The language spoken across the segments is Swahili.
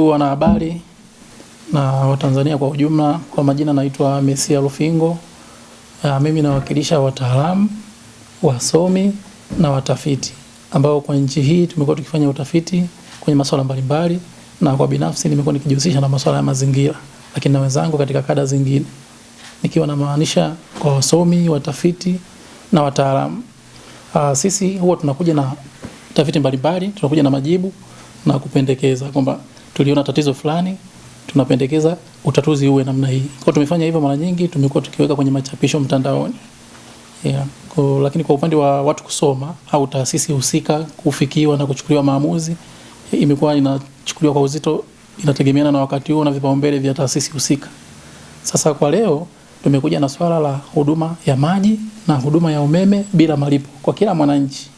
Wanahabari na Watanzania kwa ujumla, kwa majina naitwa Mesia Lufingo. Uh, mimi nawakilisha wataalamu, wasomi na watafiti ambao kwa nchi hii tumekuwa tukifanya utafiti kwenye masuala mbalimbali, na kwa binafsi nimekuwa nikijihusisha na masuala ya mazingira, lakini na wenzangu katika kada zingine, nikiwa namaanisha kwa wasomi, watafiti na wataalamu. Uh, sisi huwa tunakuja na tafiti mbalimbali, tunakuja na majibu na kupendekeza kwamba tuliona tatizo fulani, tunapendekeza utatuzi uwe namna hii. Kwa tumefanya hivyo mara nyingi, tumekuwa tukiweka kwenye machapisho mtandaoni. Yeah. Kwa, lakini kwa upande wa watu kusoma au taasisi husika kufikiwa na kuchukuliwa maamuzi, imekuwa inachukuliwa kwa uzito, inategemeana na wakati huo na vipaumbele vya taasisi husika. Sasa kwa leo tumekuja na swala la huduma ya maji na huduma ya umeme bila malipo kwa kila mwananchi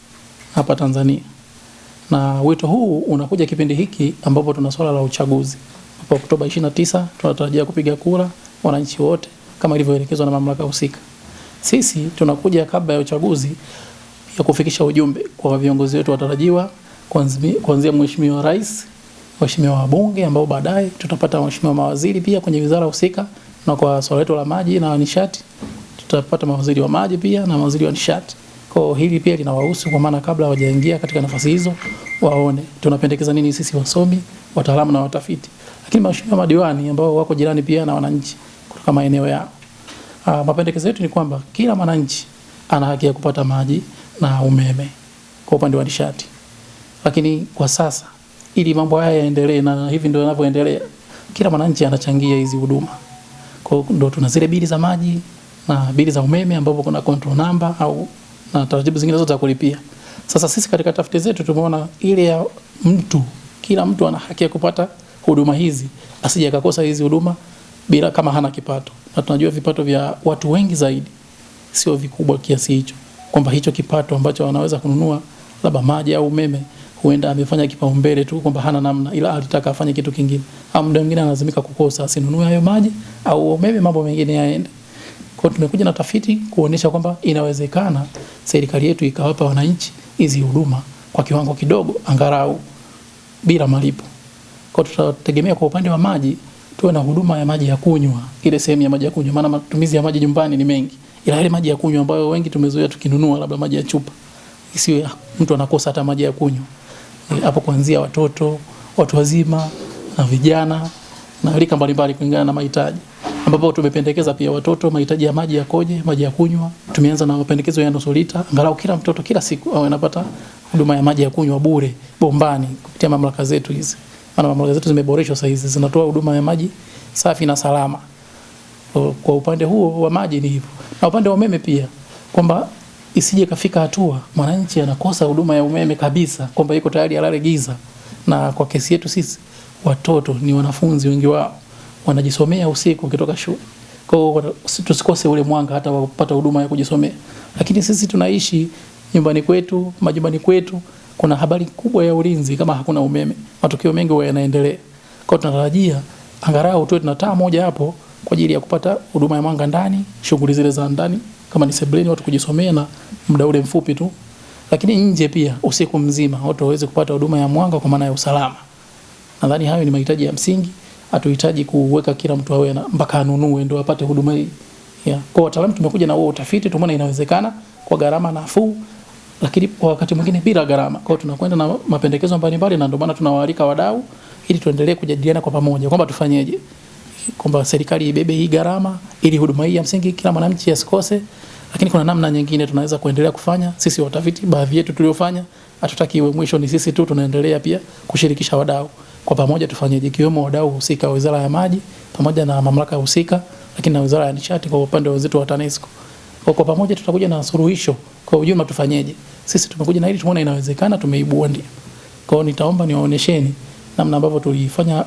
hapa Tanzania na wito huu unakuja kipindi hiki ambapo tuna swala la uchaguzi hapo Oktoba 29 tunatarajia kupiga kura wananchi wote kama ilivyoelekezwa na mamlaka husika. Sisi tunakuja kabla ya uchaguzi ya kufikisha ujumbe kwa viongozi wetu watarajiwa kuanzia Mheshimiwa Rais, Mheshimiwa wabunge ambao baadaye tutapata Mheshimiwa mawaziri pia kwenye wizara husika, na kwa swala letu la maji na nishati tutapata mawaziri wa maji pia na mawaziri wa nishati. Kwa hili pia linawahusu kwa maana kabla hawajaingia katika nafasi hizo waone tunapendekeza nini sisi wasomi, wataalamu na watafiti. Lakini mheshimiwa madiwani ambao wako jirani pia na wananchi kutoka maeneo yao. Ah, mapendekezo yetu ni kwamba kila mwananchi ana haki ya kupata maji na umeme kwa upande wa nishati. Lakini kwa sasa ili mambo haya yaendelee na hivi ndio yanavyoendelea, kila mwananchi anachangia hizi huduma. Kwa hiyo ndio tuna zile bili za maji na bili za umeme ambapo kuna control number au na taratibu zingine zote za kulipia. Sasa sisi katika tafiti zetu tumeona ile ya mtu, kila mtu ana haki ya kupata huduma hizi, asije akakosa hizi huduma bila kama hana kipato, na tunajua vipato vya watu wengi zaidi sio vikubwa kiasi hicho, kwamba hicho kipato ambacho wanaweza kununua labda maji au umeme, huenda amefanya kipaumbele tu kwamba hana namna, ila alitaka afanye kitu kingine, au muda mwingine analazimika kukosa, asinunue hayo maji au umeme, mambo mengine yaende. Kwa tumekuja na tafiti kuonesha kwamba inawezekana serikali yetu ikawapa wananchi hizi huduma kwa kiwango kidogo angalau bila malipo. Kwa tutategemea kwa upande wa maji tuwe na huduma ya maji ya kunywa, ile sehemu ya maji ya kunywa, maana matumizi ya maji nyumbani ni mengi, ila ile maji ya kunywa ambayo wengi tumezoea tukinunua labda maji ya chupa, isiwe mtu anakosa hata maji ya kunywa eh, hapo, kuanzia watoto, watu wazima na vijana na rika mbalimbali kulingana na mahitaji ambapo tumependekeza pia watoto mahitaji ya maji yakoje, maji ya kunywa. Tumeanza na mapendekezo ya nusu lita, angalau kila mtoto kila siku awe anapata huduma ya maji ya kunywa bure bombani kupitia mamlaka zetu hizi, maana mamlaka zetu zimeboreshwa sasa hizi zinatoa huduma ya maji safi na salama. Kwa upande huo wa maji ni hivyo, na upande wa umeme pia kwamba isije kafika hatua mwananchi anakosa huduma ya umeme kabisa, kwamba yuko tayari alale giza. Na kwa kesi yetu sisi watoto ni wanafunzi wengi wao wanajisomea usiku kutoka shule. Kwa hiyo tusikose ule mwanga hata wa kupata huduma ya kujisomea. Lakini sisi tunaishi nyumbani kwetu, majumbani kwetu kuna habari kubwa ya ulinzi kama hakuna umeme. Matukio mengi huwa yanaendelea. Kwa hiyo tunatarajia angalau tuwe tuna taa moja hapo kwa ajili ya kupata huduma ya mwanga ndani, shughuli zile za ndani kama ni sebleni watu kujisomea na muda ule mfupi tu. Lakini nje pia usiku mzima watu waweze kupata huduma ya mwanga kwa maana ya usalama. Nadhani hayo ni mahitaji ya msingi hatuhitaji kuweka kila mtu awe mpaka anunue ndio apate huduma hii. Yeah. Kwa wataalamu tumekuja na huo utafiti, tumeona inawezekana kwa gharama nafuu, lakini kwa wakati mwingine bila gharama. Kwa hiyo tunakwenda na mapendekezo mbalimbali, na ndio maana tunawaalika wadau ili tuendelee kujadiliana kwa pamoja kwamba tufanyeje, kwamba serikali ibebe hii gharama ili huduma hii ya msingi kila mwananchi asikose. Lakini kuna namna nyingine tunaweza kuendelea kufanya sisi watafiti, baadhi yetu tuliofanya, hatutaki iwe mwisho ni sisi tu, tunaendelea pia kushirikisha wadau kwa pamoja, tufanyeje, ikiwemo wadau husika, wizara ya maji pamoja na mamlaka husika, lakini na wizara ya nishati kwa upande wenzetu wa TANESCO. Kwa, kwa pamoja tutakuja na suluhisho kwa ujumla, tufanyeje. Sisi tumekuja na hili, tumeona inawezekana, tumeibua ndio. kwao. nitaomba niwaonesheni namna ambavyo tulifanya